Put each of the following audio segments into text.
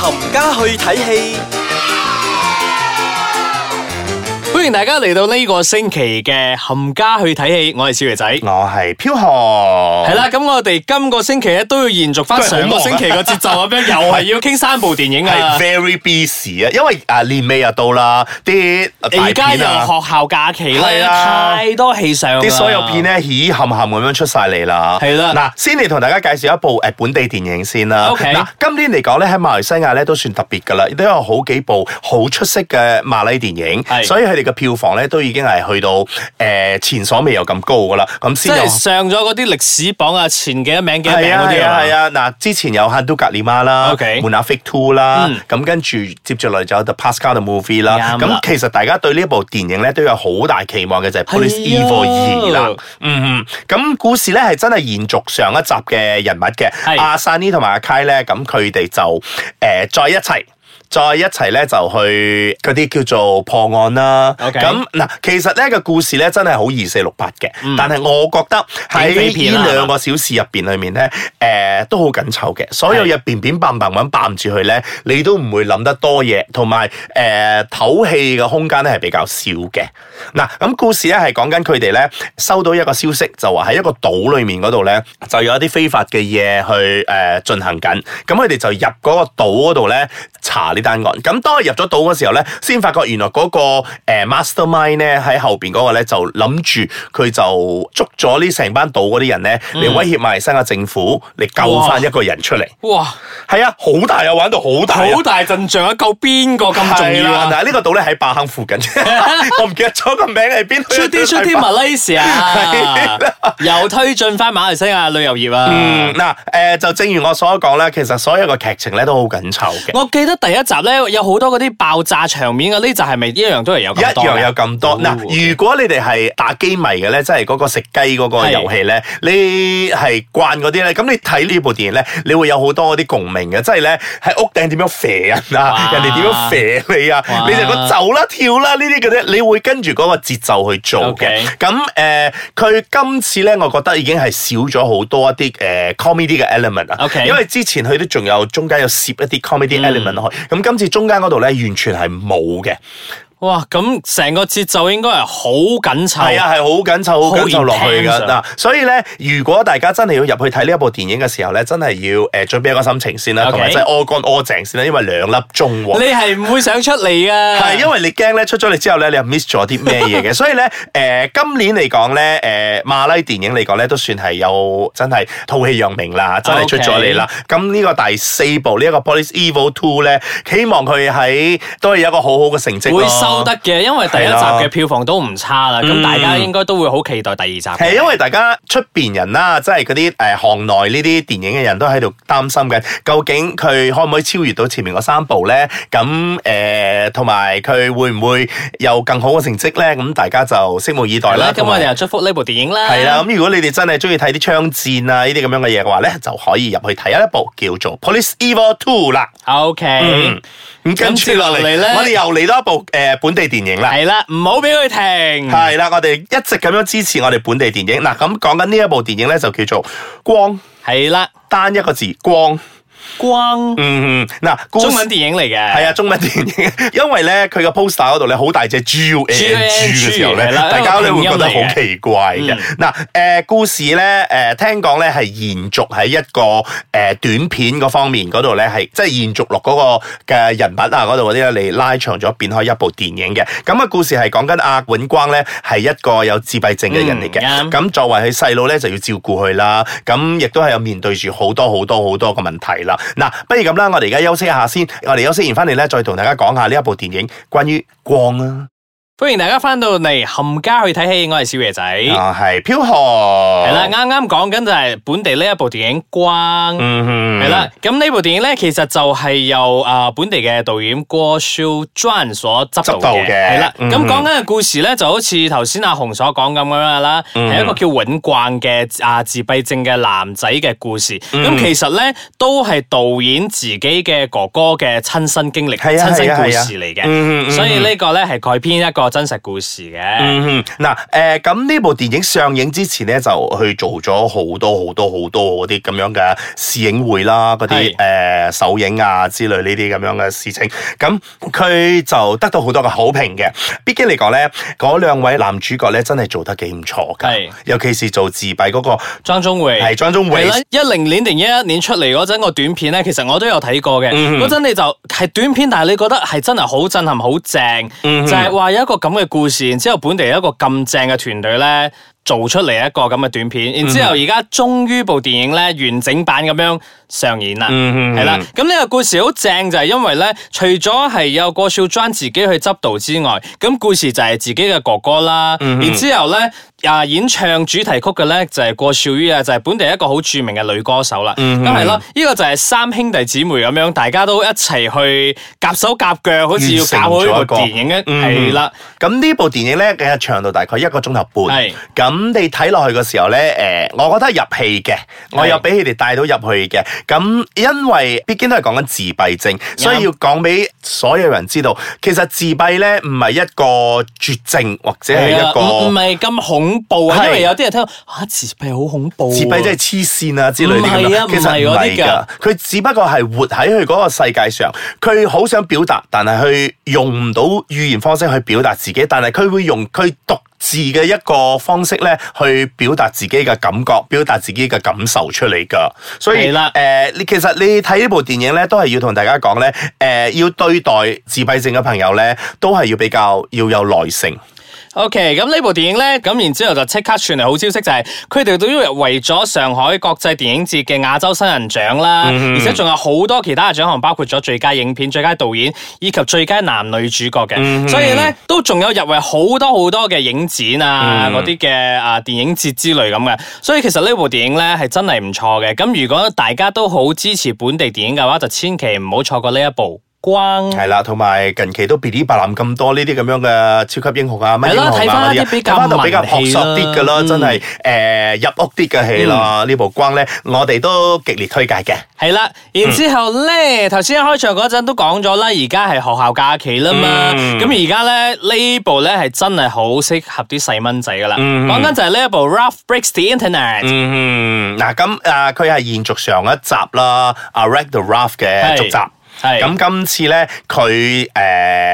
冚家去睇戲。歡迎大家嚟到呢個星期嘅冚家去睇戲，我係小月仔，我係飄河。係啦，咁我哋今個星期咧都要延續翻上個星期個節奏咁樣，又係要傾三部電影啊。Very busy 啊，因為啊年尾又到啦，啲而家又學校假期啦，太多戲上啦，啲所有片咧，咦冚冚咁樣出曬嚟啦。係啦，嗱先嚟同大家介紹一部誒本地電影先啦。OK。嗱，今年嚟講咧喺馬來西亞咧都算特別㗎啦，亦都有好幾部好出色嘅馬拉電影，所以佢哋。票房咧都已經係去到誒、呃、前所未有咁高噶啦，咁先係上咗嗰啲歷史榜啊，前幾多名幾多名啲啊，係啊，嗱、啊、之前有《哈都格尼馬》啦，Okay.《Munafik Two》啦，咁、嗯、跟住接住嚟就有《The Pascal the Movie》啦，咁、嗯、其實大家對呢一部電影咧都有好大期望嘅就係、是《Polis 呀 Evo 2》啦，嗯嗯哼，咁故事咧係真係延續上一集嘅人物嘅，是阿薩尼同埋阿凱咧，咁佢哋就誒、呃、再一齊。再一齊咧就去嗰啲叫做破案啦。咁嗱 Okay，其實咧個故事咧真係好二四六八嘅。嗯、但係我覺得喺呢兩個小時入邊裏面咧，誒、嗯、都好緊湊嘅。的所有入邊扁扁揼揼揾扮住佢咧，你都唔會諗得多嘢。同埋誒唞氣嘅空間咧係比較少嘅。嗱，咁故事咧係講緊佢哋咧收到一個消息，就話喺一個島裏面嗰度咧就有一啲非法嘅嘢去誒進行緊。咁佢哋就入嗰個島嗰度咧查。單案，咁當我入咗島嘅時候咧，先發覺原來嗰個誒 Mastermind 咧喺後邊嗰個咧就諗住佢就捉咗呢成班島嗰啲人咧嚟威脅馬來西亞政府嚟救翻一個人出嚟、嗯。哇，係啊，好大啊，玩到好大好、啊、大陣仗啊，救邊個咁重要啊？呢了個島咧喺白坑附近， 我唔記得咗個名係邊。Cuti Cuti Malaysia 啊，又推進翻馬來西亞、 啊、旅遊業啊。嗯，嗱、嗯，誒、呃，就正如我所講啦，其實所有嘅劇情咧都好緊湊嘅。我記得第一。集咧有好多嗰啲爆炸場面嘅、啊，呢集係咪一樣都係有咁多？一樣有咁多嗱。Oh, okay. 如果你哋係打機迷嘅咧，即係嗰個食雞嗰個遊戲咧，是你係慣嗰啲咧，咁你睇呢部電影咧，你會有好多嗰啲共鳴嘅，即係咧喺屋頂點樣射人啊，哇人哋點樣射你啊，哇你就個走啦跳啦呢啲嘅啫，你會跟住嗰個節奏去做嘅。咁誒 Okay.，佢、呃、今次咧，我覺得已經係少咗好多一啲誒、呃、comedy 嘅 element 啊。Okay. 因為之前佢都仲有中間有攝一啲 comedy、嗯、element 去。咁今次中間嗰度咧，完全係冇嘅。哇，咁成個節奏應該係好緊湊。係啊，係好緊湊，好緊湊落去噶、啊、所以咧，如果大家真係要入去睇呢一部電影嘅時候咧，真係要誒、呃、準備一個心情先啦，同埋 Okay? 真係屙乾屙淨先啦，因為兩粒鐘喎。你係唔會想出嚟㗎，係 因為你驚咧，出咗嚟之後咧，你又 miss 咗啲咩嘢嘅。 所以咧，誒、呃、今年嚟講咧，誒、呃、馬拉電影嚟講咧，都算係有真係吐氣揚名啦，真係出咗嚟啦。咁呢 Okay? 個第四部、這個、呢一個 Polis Evo 2咧，希望佢喺都係有一個好好嘅成績都得嘅，因為第一集嘅票房都唔差啦，咁的大家應該都會好期待第二集。係，因為大家出邊人啦，即係嗰啲誒，行內呢啲電影嘅人都喺度擔心嘅，究竟佢可唔可以超越到前面嗰三部咧？咁誒，同埋佢會唔會有更好嘅成績咧？咁大家就拭目以待啦。咁我哋又祝福呢部電影啦。係啦，咁如果你哋真係中意睇啲槍戰啊這、這、呢啲咁樣嘅嘢嘅話咧，就可以入去睇一部叫做 Polis Evo 2啦。OK，咁跟住落嚟咧，我哋、嗯、又嚟多一部誒。呃本地電影啦，係啦，唔好俾佢停。係啦，我哋一直咁樣支持我哋本地電影。嗱、啊，咁講緊呢一部電影咧，就叫做《光》了，係啦，單一個字光。光嗯嗱，中文電影嚟嘅，係啊，中文電影，因為咧佢個 poster 嗰度咧好大隻 G U N G 嘅時候咧，N、G, 大家都會覺得好奇怪嘅。嗱，誒、嗯呃，故事咧，誒，聽講咧係延續喺一個誒、呃、短片嗰方面嗰度咧，係即係延續落嗰個嘅人物啊嗰度嗰啲咧你拉長咗，變開一部電影嘅。咁啊，故事係講緊阿永光咧係一個有自閉症嘅人嚟嘅，咁、嗯嗯、作為佢細佬咧就要照顧佢啦，咁亦都係有面對住好多好多好多嘅問題啦。嗱，不如咁啦，我哋而家休息一下先，我哋休息完返嚟呢，再同大家講下呢一部電影關於光啊。歡迎大家翻到嚟冚家去睇戲，我係少爺仔，係飄紅係啦，啱啱講緊就係本地呢一部電影《光》，係啦、嗯哼，咁呢部電影咧，其實就係由啊本地嘅導演郭修篆所執導嘅，係啦，咁講緊嘅故事咧，就好似頭先阿紅所講咁咁樣啦，係、嗯、哼一個叫永光嘅啊自閉症嘅男仔嘅故事，咁、嗯、哼其實咧都係導演自己嘅哥哥嘅親身經歷，係親、嗯、哼身故事嚟嘅，嗯、哼所以個呢個咧係改編一個。真實故事嘅，嗯，嗱、呃，誒，咁呢部電影上映之前咧，就去做咗好多好多好多嗰啲咁樣嘅試映會啦，嗰啲誒首映啊之類呢啲咁樣嘅事情，咁佢就得到好多嘅好評嘅。畢竟嚟講咧，嗰兩位男主角咧真係做得幾唔錯嘅，是尤其是做自閉嗰個莊仲威，係莊仲威，一零年定一一年出嚟嗰陣個短片咧，其實我都有睇過嘅，嗰陣、嗯、哼你就係短片，但係你覺得係真係好震撼，好正，嗯、哼就係話有一個。咁嘅故事，然之後本地一個咁正嘅團隊咧，做出嚟一個咁嘅短片，然之後而家終於部電影咧完整版咁樣上演啦，係啦、嗯。咁呢個故事好正就係、是、因為咧，除咗係有郭少莊自己去執導之外，咁故事就係自己嘅哥哥啦，嗯、哼然後之後咧。啊！演唱主題曲嘅咧就係郭少儀啊，就係、是、本地一個好著名嘅女歌手啦。咁係咯，呢個就係三兄弟姊妹咁樣，大家都一齊去夾手夾腳，好似要搞好呢、嗯、了部電影咧。係啦，咁呢部電影咧，其實長度大概一個鐘頭半。係咁是，你睇落去嘅時候咧，誒，我覺得是入戲嘅，是我有俾你哋帶到入去嘅。咁因為畢竟都係講緊自閉症，嗯、所以要講俾所有人知道，其實自閉咧唔係一個絕症，或者係一個唔係咁恐。是啊不是恐怖啊，因為有啲人聽到嚇自閉好恐怖，自閉，自閉即係黐線啊之類啲、啊、其實係啊，唔係嗰啲㗎。佢只不過係活喺佢嗰個世界上，佢好想表達，但係佢用唔到語言方式去表達自己，但係佢會用佢獨自嘅一個方式咧，去表達自己嘅感覺，表達自己嘅感，感受出嚟㗎。所以你的、呃、其實你睇呢部電影咧，都係要同大家講咧、呃，要對待自閉症嘅朋友咧，都係要比較要有耐性。O K，咁呢部電影呢，咁然之後就即刻傳嚟好消息，就是，就係佢哋都入圍咗上海國際電影節嘅亞洲新人獎啦，mm hmm. 而且仲有好多其他嘅獎項，包括咗最佳影片、最佳導演以及最佳男女主角嘅，mm hmm. 所以呢，都仲有入圍好多好多嘅影展啊，嗰啲嘅啊電影節之類咁嘅，所以其實呢部電影呢，係真係唔錯嘅。咁如果大家都好支持本地電影嘅話，就千祈唔好錯過呢一部。光係啦，同埋近期都《比利百林》咁多呢啲咁樣嘅超級英雄啊，乜英雄啊，咁樣都比較樸實啲嘅咯，真係誒入屋啲嘅戲咯。呢部光咧，我哋都極力推介嘅。係啦，然之後咧，頭先一開場嗰陣都講咗啦，而家係學校假期啦嘛，咁而家咧呢部咧係真係好適合啲細蚊仔噶啦。講緊就係呢一部《Ralph Breaks The Internet》。嗱，咁啊，佢係延續上一集啦，《Wreck-It Ralph》嘅續集。咁今次咧，佢誒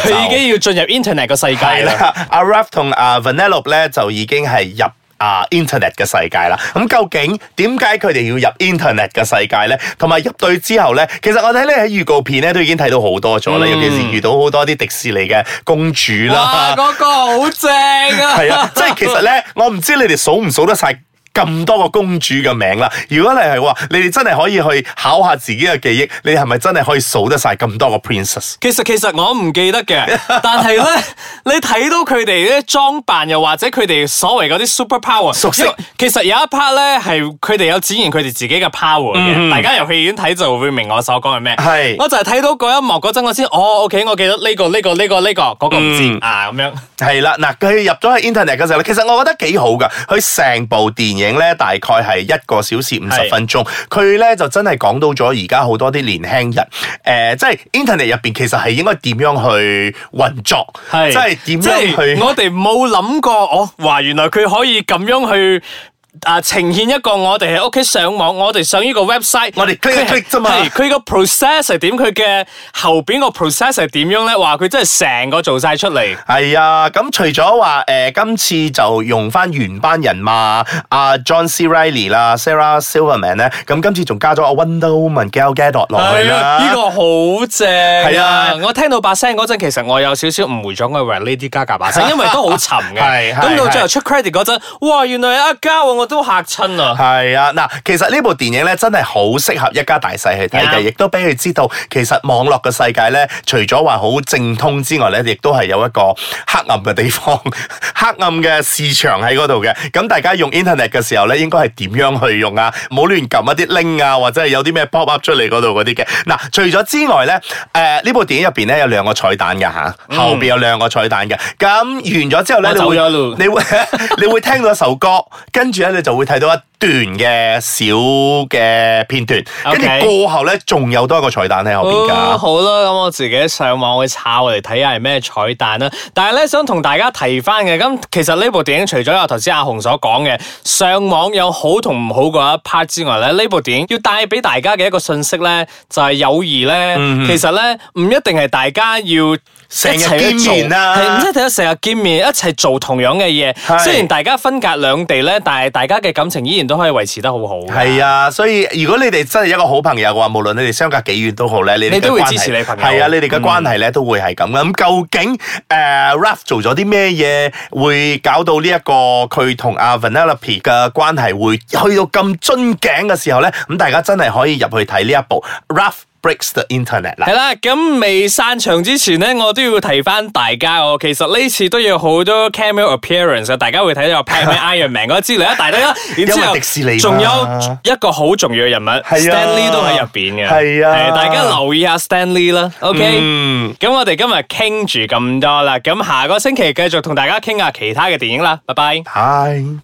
佢已經要進入 Internet 個世界啦了。阿、啊、Ralph 同阿 Vanellope 咧就已經係入啊 Internet 嘅世界啦。咁究竟點解佢哋要入 Internet 嘅世界咧？同埋入隊之後咧，其實我睇咧喺預告片咧都已經睇到好多咗啦。嗯、尤其是遇到好多啲迪士尼嘅公主啦哇，嗰、那個好正啊！係 啊，即係其實咧，我唔知你哋數唔數得晒。咁多個公主嘅名啦，如果你係話你哋真係可以去考下自己嘅記憶，你係咪真係可以數得晒咁多個 princess？其實其實我唔記得嘅， 但係咧你睇到佢哋啲裝扮，又或者佢哋所謂嗰啲 super power，熟悉其實有一 part 咧係佢哋有展現佢哋自己嘅 power 嘅。嗯、大家由戲院睇就會明我所講係咩。係是，我就係睇到嗰一幕嗰陣，我先哦，OK，我記得呢、呢個呢、呢個呢、呢個呢、呢個嗰、嗰個唔知、嗯、啊咁樣。係啦，嗱佢入咗去 internet 嗰陣啦，其實我覺得幾好噶，佢成部電影。影咧大概係一個小時五十分鐘是的 佢呢，佢咧就真係講到咗而家好多啲年輕人，誒、呃，即係 Internet 入邊其實係應該點樣去運作，係是的 即係點樣去？我哋冇諗過，哦，話！原來佢可以咁樣去。啊！呈現一個我哋喺屋企上網，我哋上呢個 website，我哋 click click 咋嘛？係佢個 process 係點？佢嘅後邊個 process 係點樣咧？話佢真係成個做晒出嚟。係啊，咁除咗話誒，今次就用翻原班人馬阿 John C. Reilly 啦，Sarah Silverman 咧，咁今次仲加咗阿 Wonder Woman Gal Gadot 落去啦。呢個好正。係啊，我聽到把聲嗰陣，其實我有少少誤會咗，我以為 Lady Gaga 把聲，因為都好沉嘅。係係。咁到最後出 credit 嗰陣，哇！原來係阿 Gad 我。都嚇親啊！係啊，嗱，其實呢部電影咧，真係好適合一家大細去睇嘅，Yeah. 亦都俾佢知道，其實網絡嘅世界咧，除咗話好正統之外咧，亦都係有一個黑暗嘅地方、黑暗嘅市場喺嗰度嘅。咁大家用 Internet 嘅時候咧，應該係點樣去用啊？冇亂撳一啲 link 啊，或者係有啲咩 pop up 出嚟嗰度嗰啲嘅。嗱，除咗之外咧，誒、呃、呢部電影入面咧，有兩個彩蛋㗎。嚇，mm. 後邊有兩個彩蛋嘅。咁完咗之後咧，你會你會你會聽到一首歌， 跟住咧，就會睇到一段嘅小嘅片段，跟住 Okay 過後咧，仲有多一個彩蛋喺後邊噶。好啦，咁我自己上網去抄嚟睇下係咩彩蛋啦。但係咧，想同大家提翻嘅，咁其實呢部電影除咗有頭先阿雄所講嘅上網有好同唔好嘅一 part 之外咧，呢部電影要帶俾大家嘅一個信息咧，就係友誼咧，嗯嗯其實咧唔一定係大家要成日見面啦，係唔知點解成日見面一齊做同樣嘅嘢，雖然大家分隔兩地咧，但係大家嘅感情依然都可以維持得好好。係啊，所以如果你哋真係一個好朋友嘅話，無論你哋相隔幾遠都好咧，你哋都會支持你朋友。係啊，你哋嘅關係咧都會係咁嘅。咁究竟誒 Ralph 做咗啲咩嘢，會搞到呢一個佢同阿 Vanellope 嘅關係會去到咁樽頸嘅時候咧？咁大家真係可以入去睇呢一部 Ralph。breaks the internet 啦，係啦，咁未散場之前咧，我都要提翻大家哦。其實呢次都有好多 cameo appearance 啊，大家會睇到派米 Iron Man 嗰之類啊，大得啦。咁啊，迪士尼仲有一個好重要嘅人物 Stan Lee 都喺入邊嘅，係啊，大家留意下 Stan Lee 啦。OK，咁我哋今日傾住咁多啦，咁下個星期繼續同大家傾下其他嘅電影啦。拜拜，hi。